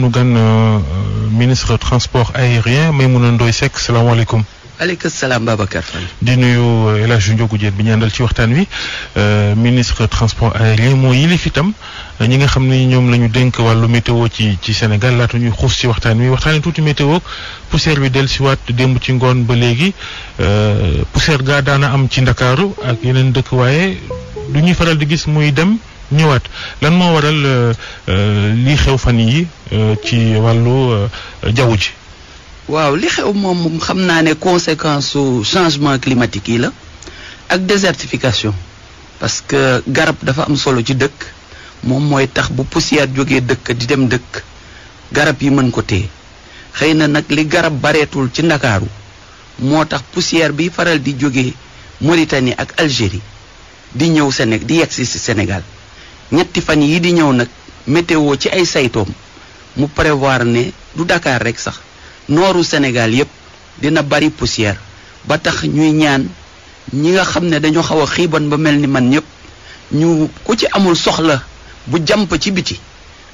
sunu gan euh, euh, ministre transport aérien Maimouna Ndoye Seck salaamaaleykum. aleykum salaam Babacar Fall. di nuyu euh, El Hadj Ndiogou bi ñu àndal ci waxtaan wi ministre transport aérien moo yilif itam ñi nga xam ne ñoom lañu ñu dénk wàllu météo ci ci Sénégal laata ñuy xuus ci waxtaan wi waxtaanee tuuti météo poussière bi si waat démb ci ngoon ba léegi poussière gaa daana am ci Ndakaaru ak yeneen dëkk waaye du ñuy faral di gis muy dem. ñëwaat lan moo waral euh, euh, lii xew fan yi euh, ci wàllu jaww ji. waaw li xew moom xam naa ne conséquence su changement climatique yi la ak désertification parce que garab dafa am solo ci dëkk moom mooy tax bu poussière jógee dëkk di dem dëkk garab yi mën ko téye xëy na nag li garab bareetul ci ndakaaru moo tax poussière bi faral di jógee Mauritanie ak Algérie di ñëw Séné di yegsi si Sénégal ñetti fan yii di ñëw nag météo ci ay saytoom mu prevoir ne du dakaar rek sax nooru Sénégal yépp dina bari poussière ba tax ñuy ñaan ñi nga xam ne dañoo xaw a xiiban ba mel ni man ñépp ñu ku ci amul soxla bu jàmp ci biti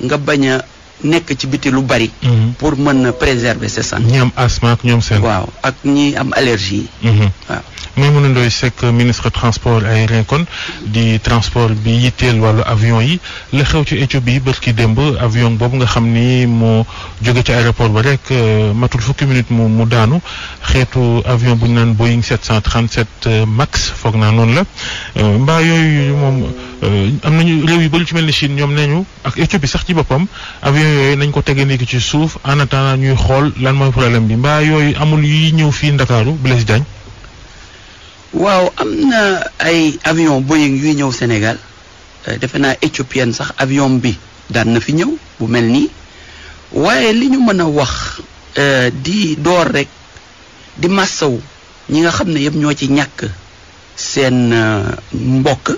nga bañ a nekk ci biti lu bari. Mhm. pour mën a préserver sa santé. ñi am asthme ak ñoom seen. waaw ak ñi am allergie yi. Mhm. waaw Maimouna Ndoye Seck ministre transport aérien kon di transport bi yitteel wàllu avion yi la xew ci Éthiopie bërki démb avion boobu nga xam ni moo jóge ci aéroport ba rek euh, matul fukki minute mu mu daanu xeetu avion bu ñu naan Boeing 737 euh, Max foog naa noonu la euh, mbaa yooyu moom. Euh, am nañu réew yu bëri ci mel ni Chine ñoom nee ñu ak Éthiopie sax ci boppam avion yooyu nañ ko teggandiku ci suuf en attendant ñuy xool lan mooy problème bi mbaa yooyu amul yi ñëw fii Ndakaaru Blaise Diagne. waaw am na ay avion Boeing yuy ñëw Sénégal euh, defe naa éthiopienne sax avion bi daan na fi ñëw bu mel nii waaye li ñu mën a wax euh, di door rek di massaw ñi nga xam ne yëpp ñoo ci ñàkk seen mbokk.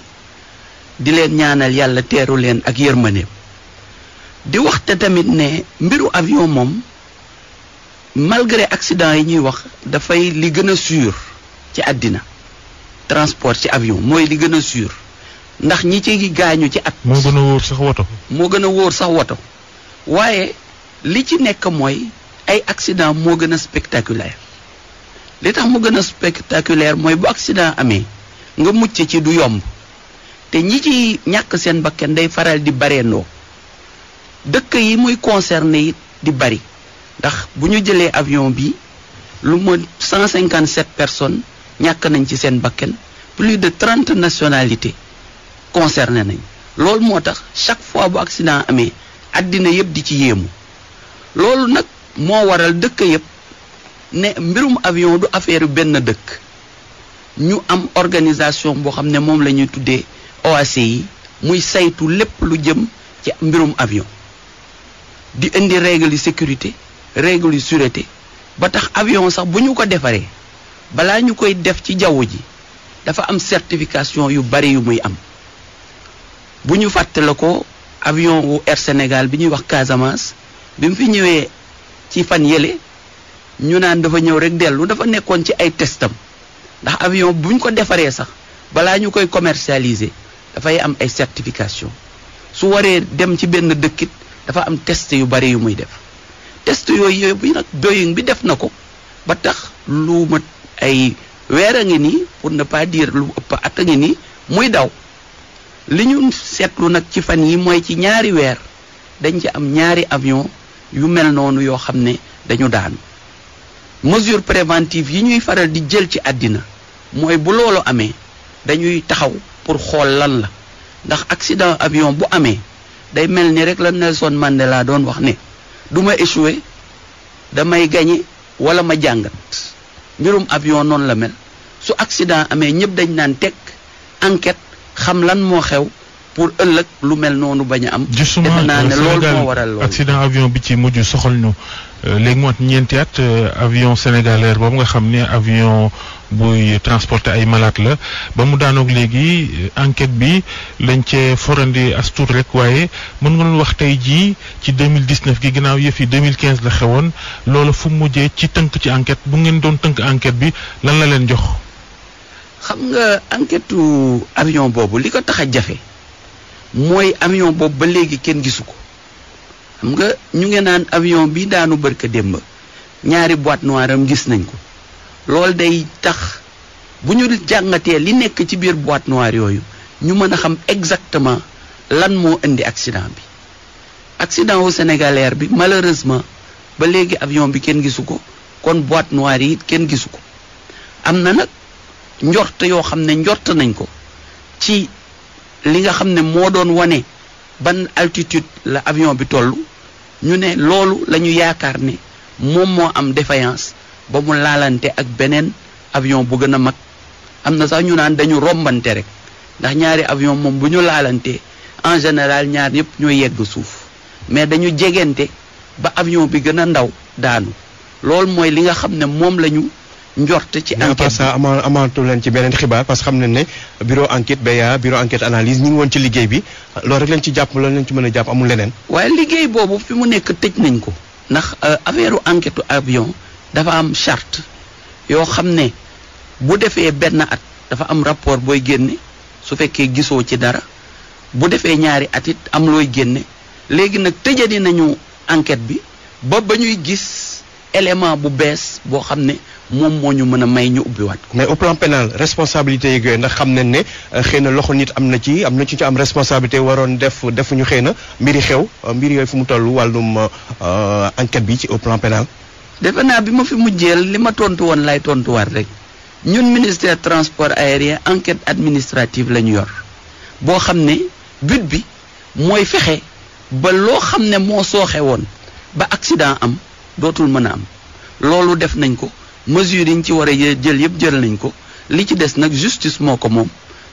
di leen ñaanal yàlla teeru leen ak yërmande di waxte tamit ne mbiru avion moom malgré accident yi ñuy wax dafay li gën a sûr ci àddina transport ci avion mooy li gën a sûr ndax ñi ci gaañu ci at. moo gën wóor sax woto. moo gën a wóor sax woto waaye li ci nekk mooy ay accident moo gën a spectaculaire li tax mu gën a spectaculaire mooy bu accident amee nga mucc ci du yomb. te ñi ci ñàkk seen bakken day faral di bareendoo dëkk yi muy concerné di bari ndax bu ñu jëlee avion bi lu ma 157 personnes ñàkk nañ ci seen bakken plus de trente nationalité concerné nañ loolu moo tax chaque fois bu accident amee àddina yëpp di ci yéemu loolu nag moo waral dëkk yëpp ne mbirum avion du affaire benn dëkk ñu am organisation boo xam ne moom la ñuy tuddee OAC yi muy saytu lépp lu jëm ci mbirum avion di indi règle yu sécurité règle yu sûreté ba tax avion sax bu ñu ko defaree balaa ñu koy def ci jaww ji dafa am certification yu bari yu muy am bu ñu fàttale ko avion wu Air Sénégal bi ñuy wax Casamance bi mu fi ñëwee ci fan yële ñu naan dafa ñëw rek dellu dafa nekkoon ci ay testam ndax avion buñ ko defaree sax balaa ñu koy commercialiser dafay am ay certification su waree dem ci benn dëkkit dafa am test yu bari yu muy def test yooyu yëpp nag Boeing bi def na ko ba tax lu mat ay weer a ngi nii pour ne pas lu ëpp at a ngi nii muy daw li ñu seetlu nag ci fan yi mooy ci ñaari weer dañ ci am ñaari avion yu mel noonu yoo xam ne dañu daanu mesure préventive yi ñuy faral di jël ci àddina mooy bu loolu amee dañuy taxaw pour xool lan la ndax accident avion bu amee day mel ni rek la Nelson laa doon wax ne du ma échoué damay gañe wala ma jàngat mbirum avion noonu la mel su accident amee ñëpp dañ naan teg enquête xam lan moo xew pour ëllëg lu mel noonu bañ a am. justement naa ne loolu moo waral loolu accident avion bi ci mujj soxal ñu euh, léegi moo ñeenti at euh, avion Sénégal boobu nga xam ne avion buy transporter ay malade la ba mu daanoog léegi euh, enquête bi lañ cee forandi as tuut rek waaye mën nga doon wax tey jii ci 2019 gi ginnaaw yëf yi 2015 la xewoon loolu fu mujjee ci tënk ci enquête bu ngeen doon tënk enquête bi lan la leen jox. xam nga enquête avion boobu li ko tax jafe. mooy avion boobu ba léegi kenn gisu ko xam nga ñu ngi naan avion bi daanu bërka démb ñaari boîte noire am gis nañ ko loolu day tax bu ñu jàngatee li nekk ci biir boîte noire yooyu ñu mën a xam exactement lan moo indi accident bi accident wu Sénégal bi malheureusement ba léegi avion bi kenn gisu ko kon boîte noir yi kenn gisu ko am na nag njort yoo xam ne njort nañ ko ci li nga xam ne moo doon wane ban altitude la avion bi toll ñu ne loolu la ñu yaakaar ne moom moo am défaillance ba mu laalante ak beneen avion bu gën a mag am na sax ñu naan dañu rombante rek ndax ñaari avion moom bu ñu laalante en général ñaar yëpp ñooy yegg suuf mais dañu jegente ba avion bi gën a ndaw daanu loolu mooy li nga xam ne moom la njort ci enquête bi parce que ama amaatu ci beneen xibaar parce que xam nañ ne bureau enquête BA bureau enquête analyse ñu ngi woon ci liggéey bi lool rek lañ ci jàpp loolu lañ ci mën a jàpp amul leneen. waaye liggéey boobu fi mu nekk tëj nañ ko ndax euh, affaire enquête avion dafa am charte yoo xam ne bu defee benn at dafa am rapport booy génne su fekkee gisoo ci dara bu defee ñaari at it am looy génne léegi nag tëjani nañu enquête bi ba ba ñuy gis élément bu bees boo xam ne. moom moo ñu mën a may ñu ubbiwaat ko. mais au plan pénal responsabilité yi yooyu ndax xam na ne euh, xëy na loxo nit am na ci am na ci ci am responsabilité waroon def defuñu xëy na mbiri xew euh, mbir yooyu fu mu toll wàllum euh, enquête bi ci au plan pénal defe bi ma fi mujjeel li ma tontu woon lay tontuwaat rek ñun ministère transport aérien enquête administrative la ñu yor boo xam ne bit bi mooy fexe ba loo xam ne moo sooxe woon ba accident am dootul mën a am loolu def nañ ko mesures yi ñu ci war a jël yëpp jël nañ ko li ci des nag justice moo ko moom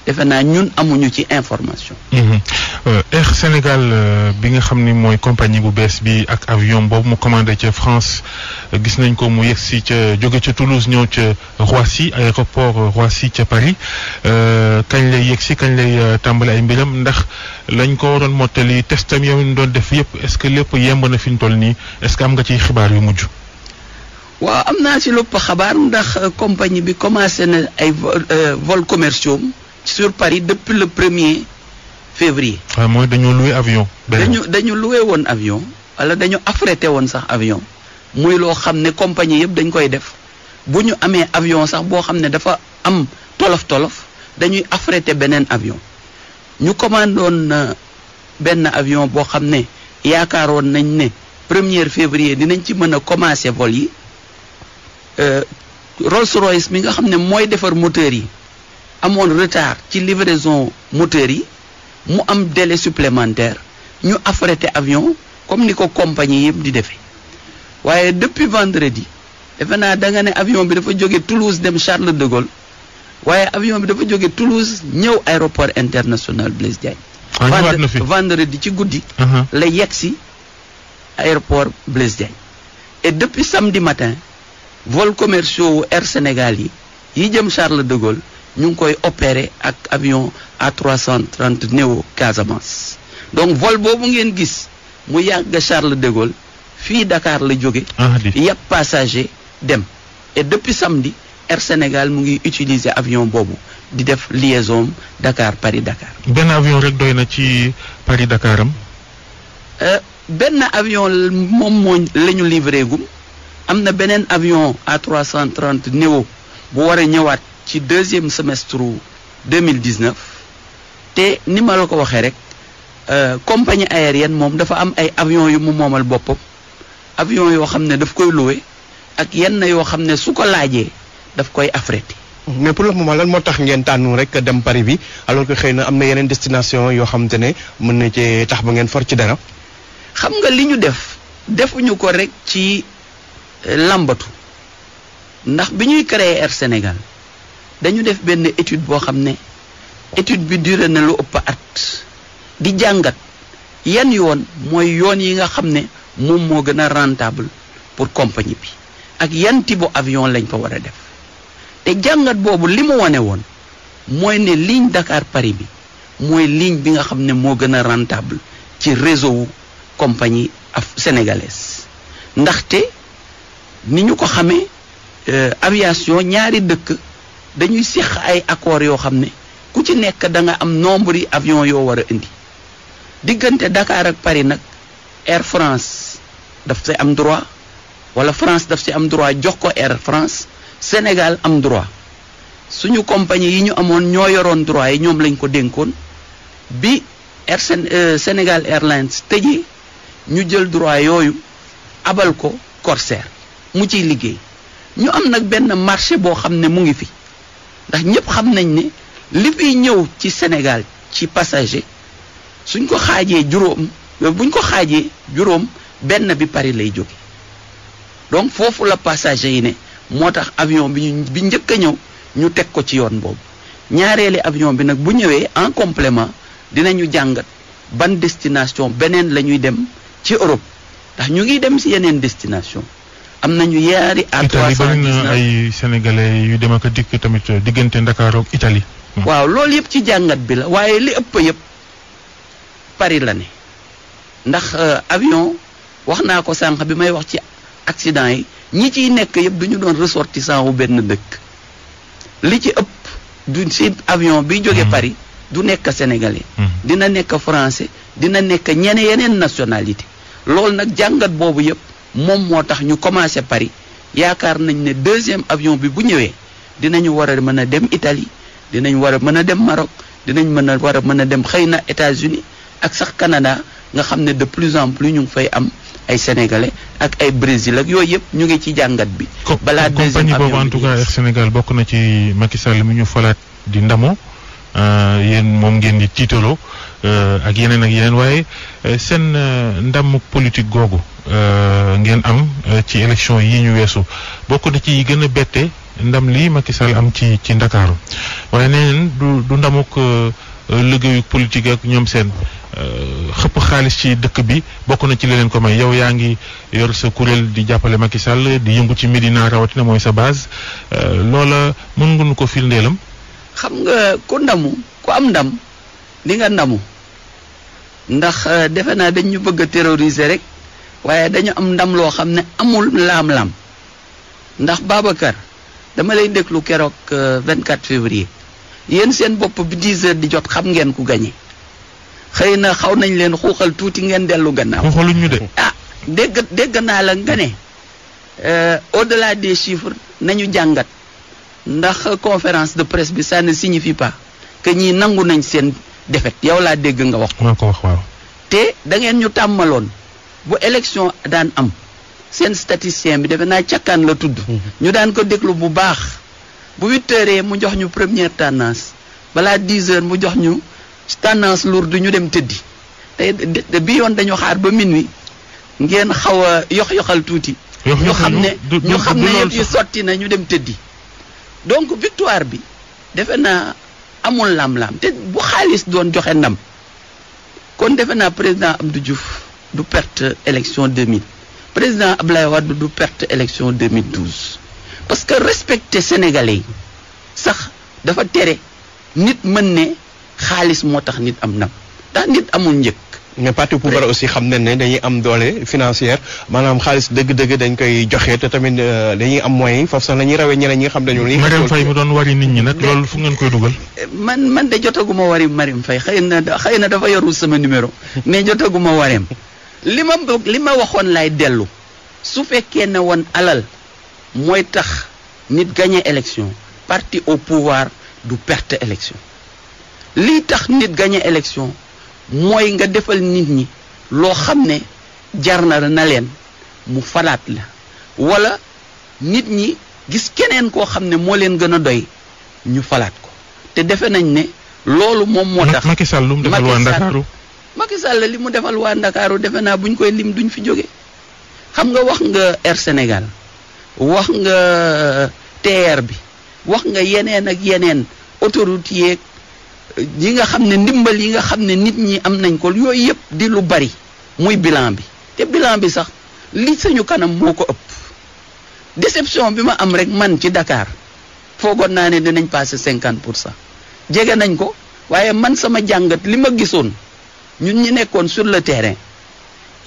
defe naa ñun amuñu ci information. Mhm. Euh, Air Sénégal euh, bi nga xam ni mooy compagnie bu bees bi ak avion boobu mu commandé ca France euh, gis nañ ko mu yegg si ca jóge ca Toulouse ñëw ca Roissy aéroport Roissy ca Paris kañ lay yegg si kañ lay tàmbali ay mbiram ndax lañ ko waroon mottali testam yow ñu doon def yëpp est-ce que lépp yemb na fi ñu toll nii est-ce que am nga ci xibaar yu mujj. waaw am naa ci lépp xabaar ndax euh, compagnie bi commencé na ay euh, vol commerciaux sur Paris depuis le premier février. waaw mooy dañoo loué avion. dañu dañu loué woon avion wala dañu affrété woon sax avion muy loo xam ne compagnie yëpp dañ koy def bu ñu amee avion sax boo xam ne dafa am tolof tolof dañuy affrété beneen avion ñu commandoon euh, benn avion boo xam ne yaakaaroon nañ ne premier février dinañ ci mën a commencé vol yi. Euh, Rolls Royce bi nga xam ne mooy defar moteur yi amoon retard ci livraison moteur yi mu am délai supplémentaire ñu affrété avion comme ni ko compagnie yëpp di defee waaye depuis vendredi defe naa da nga ne avion bi dafa jóge Toulouse dem Charles de Gaulle waaye avion bi dafa jóge Toulouse ñëw aéroport international Blaise Diagne. Ah, vendredi ci guddi. Uh-huh. la yegg si aéroport Blaise Diagne. et depuis matin vol commerciaux wu Air Sénégal yi yi jëm Charles de Gaulle ñu ngi koy opérer ak avion A330 Neo Casamance donc vol boobu ngeen gis mu yàgg Charles de Gaulle fii Dakar la jóge ah, yàpp passager dem et depuis samedi Air Sénégal mu ngi utiliser avion boobu di def liaison Dakar Paris Dakar. benn avion rek doy na ci Paris Dakar am. Euh, benn avion moom moo la am na beneen avion A330 néo bu war a ñëwaat ci deuxième semestre 2019 te ni ma la ko waxee rek euh, compagnie aérienne moom dafa am ay avion yu mu moomal boppam avion yoo xam ne daf koy loué ak yenn yoo xam ne su ko laajee daf koy affrété mais pour le moment lan moo tax ngeen tànnu rek dem Paris bi alors que xëy na am na yeneen destination yoo xam ne mën na cee tax ba ngeen for ci dara xam nga li ñu def defuñu ko rek ci làmbatu ndax bi ñuy créer Air Sénégal dañu def benn étude boo xam ne étude bi duré na lu ëpp at di jàngat yan yoon mooy yoon yi nga xam ne moom moo gën a rentable pour compagnie bi ak yan tibu avion lañ fa war a def te jàngat boobu li mu wane woon mooy ne ligne Dakar Paris bi mooy ligne bi nga xam ne moo gën a rentable ci réseau wu compagnie af sénégalaise ndaxte ni ñu ko xamee euh, aviation ñaari dëkk dañuy seq ay accord yoo xam ne ku ci nekk da nga am nombre yi avion yoo war a indi diggante Dakar ak Paris nag Air France daf si am droit wala France daf si am droit jox ko Air France Sénégal am droit suñu compagnie yi ñu amoon ñoo yoroon droit yi ñoom lañ ko dénkoon bi Air euh, Sénégal Airlines tëjee ñu jël droit yooyu abal ko Corsair mu ciy liggéey ñu am nag benn marché boo xam ne mu ngi fi ndax ñëpp xam nañ ne li fiy ñëw ci Sénégal ci passager suñ ko xaajee juróom euh, buñ ko xaajee juróom benn bi Paris lay jóge donc foofu la passager yi ne moo tax avion bi bi njëkk a ñëw ñu teg ko ci yoon boobu ñaareeli avion bi nag bu ñëwee en complément dinañu jàngat ban destination beneen la ñuy dem ci Europe ndax ñu ngi dem si yeneen destination am nañu yaari à trois cent dix na ay sénégalais yu dem ak dikk tamit euh, diggante Ndakaaru ak Italie. waaw loolu yëpp ci jàngat bi la waaye li ëpp yëpp Paris la ne ndax euh, avion wax naa ko sànq bi may wax ci accident yi ñi ciy nekk yëpp du ñu doon ressortissant wu benn dëkk li ci ëpp du si avion bi jóge hmm. Paris du nekk sénégalais. Hmm. dina nekk français dina nekk ñene yeneen nationalité loolu nag jàngat boobu yëpp. moom moo tax ñu commencé Paris yaakaar nañ ne deuxième avion bi bu ñëwee dinañu war a mën a dem Italie dinañ war a mën a dem Maroc dinañ mën a war a mën a dem xëy na États-Unis ak sax Canada nga xam ne de plus en plus ñu fay am ay sénégalais ak ay Brésil ak yooyu yëpp ñu ngi ci jàngat bi. balaa deuxième compagnie boobu en Sénégal bokk na ci Macky Sall mi ñu falaat di ndamo euh, yéen moom ngeen di tiitaloo euh, ak yeneen ak yeneen waaye euh, seen ndam politique googu. Euh, ngeen am euh, ci élection yi ñu weesu bokk na ci gën a bette ndam lii Macky am ci ci Ndakaaru waaye nee du du ndamuk euh, liggéeyu politique ak ñoom seen xëpp xaalis ci dëkk bi bokk na ci leneen ko may yow yaa ngi yor sa kuréel di jàppale Macky Sall di yëngu ci Médina rawatina mooy sa base loola mën nga nu ko firndeelam. xam nga ku ndamu ku am ndam di nga ndamu ndax defe naa dañ ñu bëgg a terroriser rek. waaye dañu am ndam loo xam ne amul laam-laam ndax Babacar dama lay déglu keroog euh, vingt 24 février yéen seen bopp bi 10 heures di jot xam ngeen ku gagné xëy na xaw nañ leen xuuxal tuuti ngeen dellu gannaaw. xuuxaluñ ñu de. ah dégg dégg naa la nga ne euh, au-delà des chiffres nañu jàngat ndax conférence de presse bi ça ne signifie pas que ñii nangu nañ seen defet yow laa dégg nga wax. maa ko wax waaw. te da ngeen ñu tàmmaloon. bu élection daan am seen statisticien bi defe naa cakkaan la tudd. Mhm. ñu daan ko déglu bu baax. bu huit heures mu jox ñu première tendance balaa dix heures mu jox ñu tendance lourde ñu dem tëddi te bi yoon dañu xaar ba minuit ngeen xaw a yox-yoxal tuuti. ñu xam ne ñu xam ne yëpp yi sotti na ñu dem tëddi. donc victoire bi defe naa amul lam-lam te bu xaalis doon joxe ndam kon defe naa président am du Diouf. du perte élection 2000 président Ablaye Wade du perte élection 2012 parce que respecter sénégalais yi sax dafa tere nit mën ne xaalis moo tax nit am ndam ndax nit amul njëg. mais parti pouvoir aussi xam nañ ne dañuy am doole financière maanaam xaalis dëgg-dëgg dañ koy joxe te tamit euh, dañuy am moyens foofu sax la ñuy rawee ñeneen ñi nga xam dañu. li Mariam Faye mu doon wari nit ñi nag loolu fu ngeen koy dugal. man man de jotaguma wari Mariam fay xëy na xëy na dafa yorul sama numéro mais jotaguma wareem li ma li ma waxoon lay dellu su fekkee ne woon alal mooy tax nit gagné élection parti au pouvoir du perte élection lii tax nit gagné élection mooy nga defal nit ñi loo xam ne jar na na leen mu falaat la wala nit ñi gis keneen koo xam ne moo leen gën a doy ñu falaat ko te defe nañ ne loolu moom moo tax Macky Sall lu mu defal Macky Sall li mu defal waa Ndakaaru defe naa bu ñu koy lim duñ fi jóge xam nga wax nga Air Sénégal wax nga euh, TER bi wax nga yeneen ak yeneen autoroute yeeg euh, yi nga xam ne ndimbal yi nga xam ne nit ñi am nañ ko yooyu yëpp di lu bari muy bilan bi te bilan bi sax li sañu kanam moo ko ëpp déception bi ma am rek man ci dakaar foogoon naa ne dinañ passé cinquante pour sax jege nañ ko waaye man sama jàngat li ma gisoon ñun ñi nekkoon sur le terrain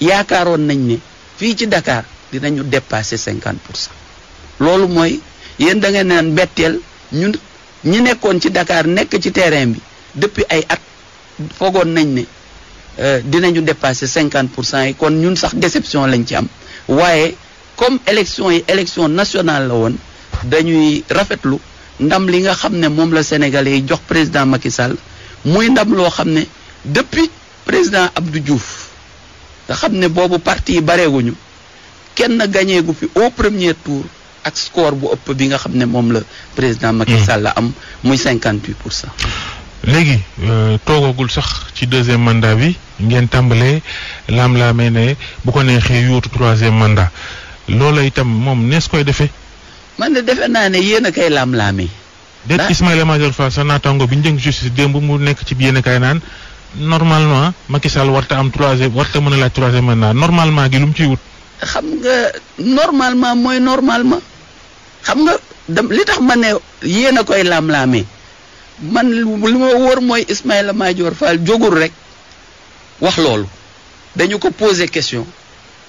yaakaaroon nañ ne fii ci Dakar dinañu dépasser cinquante pour loolu mooy yéen da ngeen naan betteel ñun ñi nekkoon ci dakaar nekk ci terrain bi depuis ay at foogoon nañ ne euh, dinañu dépasser cinquante pour cent yi kon ñun sax déception lañ ci am waaye comme élection yi élection nationale la woon dañuy rafetlu ndam li nga xam ne moom la Sénégalais yi jox président Macky Sall muy ndam loo xam ne depuis président Abdou Diouf nga xam ne boobu partie yi bareeguñu kenn gañeegu fi au premier tour ak score bu ëpp bi nga xam ne moom la président Macky hmm. Sall la am muy cinquante huit pour cent léegi euh, toogagul sax ci deuxième mandat bi ngeen tàmbalee laam laamee ne bu ko neexee yóotu troisième mandat loola itam moom nees koy defee man de defe naa ne yéen a koy laam-laamee déet Ismaïla Madior Fall sa naataango bi njëng justice démb mu nekk ci yéen a naan normalement Macky Sall warta am troisième warta mën a laaj troisième mandat normalement gi lu mu ciy wut. xam nga normalement mooy normalement xam nga li tax ma ne yéen a koy laam-laamee man li ma wóor mooy Ismaïla Madior Fall jógul rek wax loolu dañu ko posé question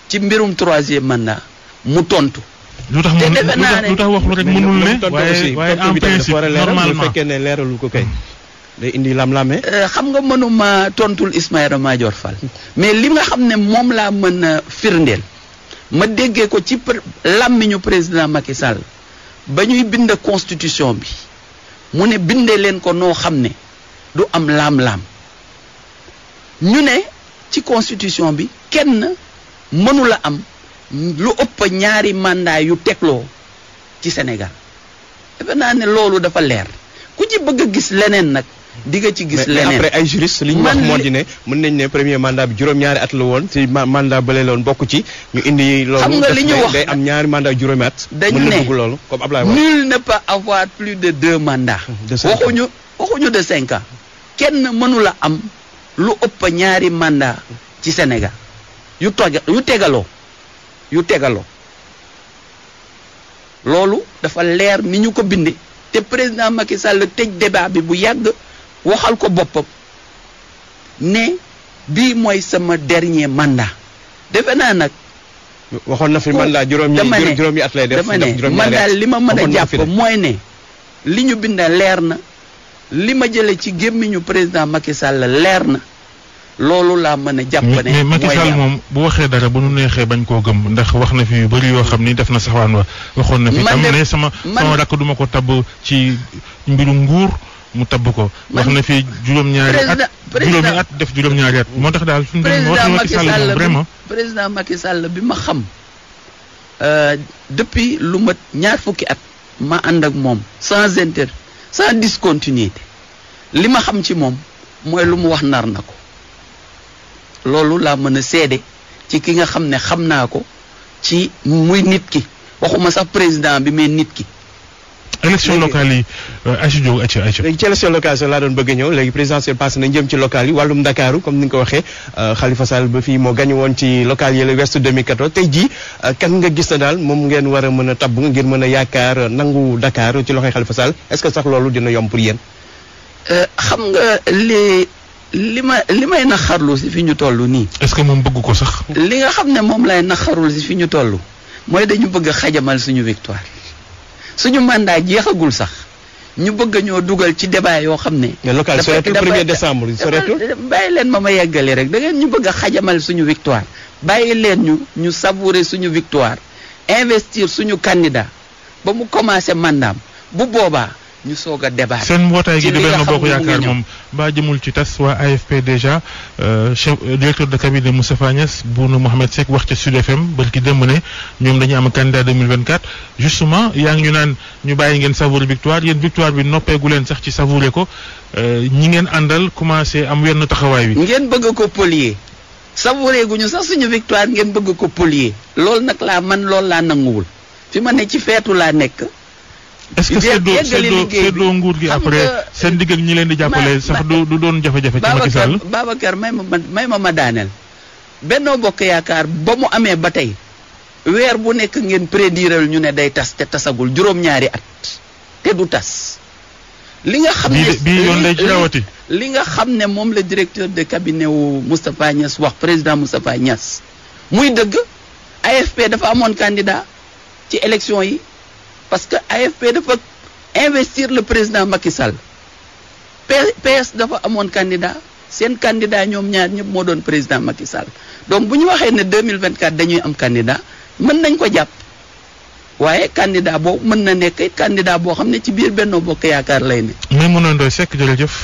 ci mbirum troisième mandat mu tontu. lu tax lu tax wax lu rek mënul ne. waaye waaye en principe normalement ko kay. day indi lam-lame. Euh, xam nga mënuma tontul Ismaïla Madior Fall mais li nga xam ne moom laa mën a firndeel ma dégge ko ci làmmiñu président Macky Sall ba ñuy bind constitution bi mu ne bindee leen ko noo xam ne du am laam-laam ñu ne ci constitution bi kenn mënula am lu ëpp ñaari mandat yu tegloo ci Sénégal defe naa ne loolu dafa leer ku ci bëgg a gis leneen nag di nga ci gis leneen après ay juriste li ñu wax moo di ne mën nañ ne premier mandat bi juróom-ñaari at la woon ci mandat bële la bokk ci ñu indi loolu nga li ñu wax day am ñaari mandat juróomi at dañ ne mën loolu comme Ablaye wax nul ne peut avoir de deux mandats waxuñu de cinq ans kenn mënula am lu ëpp ñaari mandat ci Sénégal yu tog yu tegaloo yu tegaloo loolu dafa leer ni ñu ko bindee te président Macky Sall tëj débat bi bu yàgg waxal ko boppam ne bii mooy sama dernier mandat defe naa nag. waxoon na fi mandat juróom yi juróom yi at lay def dama ne man li ma mën a jàpp mooy ne li ñu bind leer na li ma jële ci gémmiñu président Macky Sall leer na loolu laa mën a jàpp ne mais Macky moom bu waxee dara bu nu neexee bañ koo gëm ndax wax na fi yu bari yoo xam ni def na saxwaan wa waxoon na fi tam ne sama sama rakk duma ko tabb ci mbiru nguur mu tabb ko. wax na fi juróom-ñaari at def juróom-ñaari at moo tax daal. suñu doon wax Macky Sall vraiment président Macky Sall bi ma xam. Euh, depuis lu ma ñaar fukki at ma ànd ak moom sans inter sans discontinuité li ma xam ci moom mooy lu mu wax nar na ko loolu laa mën a seede ci ki nga xam ne xam naa ko ci muy nit ki waxuma sax président bi mais nit ki. élection locale yi euh, Aïcha Diop Aïcha Aïcha laa doon bëgg a ñëw léegi présidentielle passé na jëm ci locale yi wàllum Ndakaaru comme ni nga ko waxee euh, Khalifa Sall ba fii moo gañu woon ci locale yi le west 2014 tey jii euh, kan nga gis na daal moom ngeen war a mën a tabb ngir mën a yaakaar nangu Dakar ci loxoy Khalifa Sall est-ce que sax loolu dina yomb pour yéen xam nga li li ma li may naxarlu si fi ñu toll nii. est-ce que moom bëgg ko sax. li nga xam ne moom lay naxarul si ñu toll mooy dañu bëgg a xajamal suñu victoire. suñu mandat jeexagul sax ñu bëgg ñoo dugal ci débat yoo xam ne. mais local soreetul premier décembre soreetul bàyyi leen ma ma yeggale rek dangeen ñu bëgg a xajamal suñu victoire bàyyi leen ñu ñu savourer suñu victoire investir suñu candidat ba mu commencé mandaam bu boobaa. ñu soog a débat seen mbootaay gi di benn bokk yaakaar moom mbaa jëmul ci tas waa AFP déjà euh, euh, directeur de cabinet Moustapha Niasse Boun Mohamed Seck wax ca Sud FM ba ki démb ne ñoom dañu am candidat 2024. justement yaa ngi ñu naan ñu bàyyi ngeen savourer victoire yéen victoire bi noppeegu leen sax ci savourer ko euh, ñi ngeen àndal commencé am wenn taxawaay bi. ngeen bëgg ko polier savourer gu ñu sax suñu victoire ngeen bëgg ko polier loolu nag laa man lool laa nanguwul fi ne ci feetu est que nguur gi après seen digg ak leen di jàppale sax du du doon jafe-jafe ci Macky Sall Babacar ma ma ma daaneel Bokk Yaakaar ba mu amee ba tey weer bu nekk ngeen prédiral ñu ne day tas te tasagul juróom at te du tas li nga xam ne li nga xam ne moom la directeur de cabinet wu Moustapha Niass wax président Moustapha Niass muy dëgg AFP dafa amoon candidat ci élection yi parce que AFP dafa investir le président Macky pe PS dafa amoon candidat seen candidat ñoom ñaar ñëpp moo doon président Macky donc bu ñu waxee ne 2024 dañuy am candidat mën nañ ko jàpp waaye candidat boo mën na nekk candidat boo xam ne ci biir Benno Bokk Yaakaar lay ne. Maimouna Ndoye Seck jërëjëf.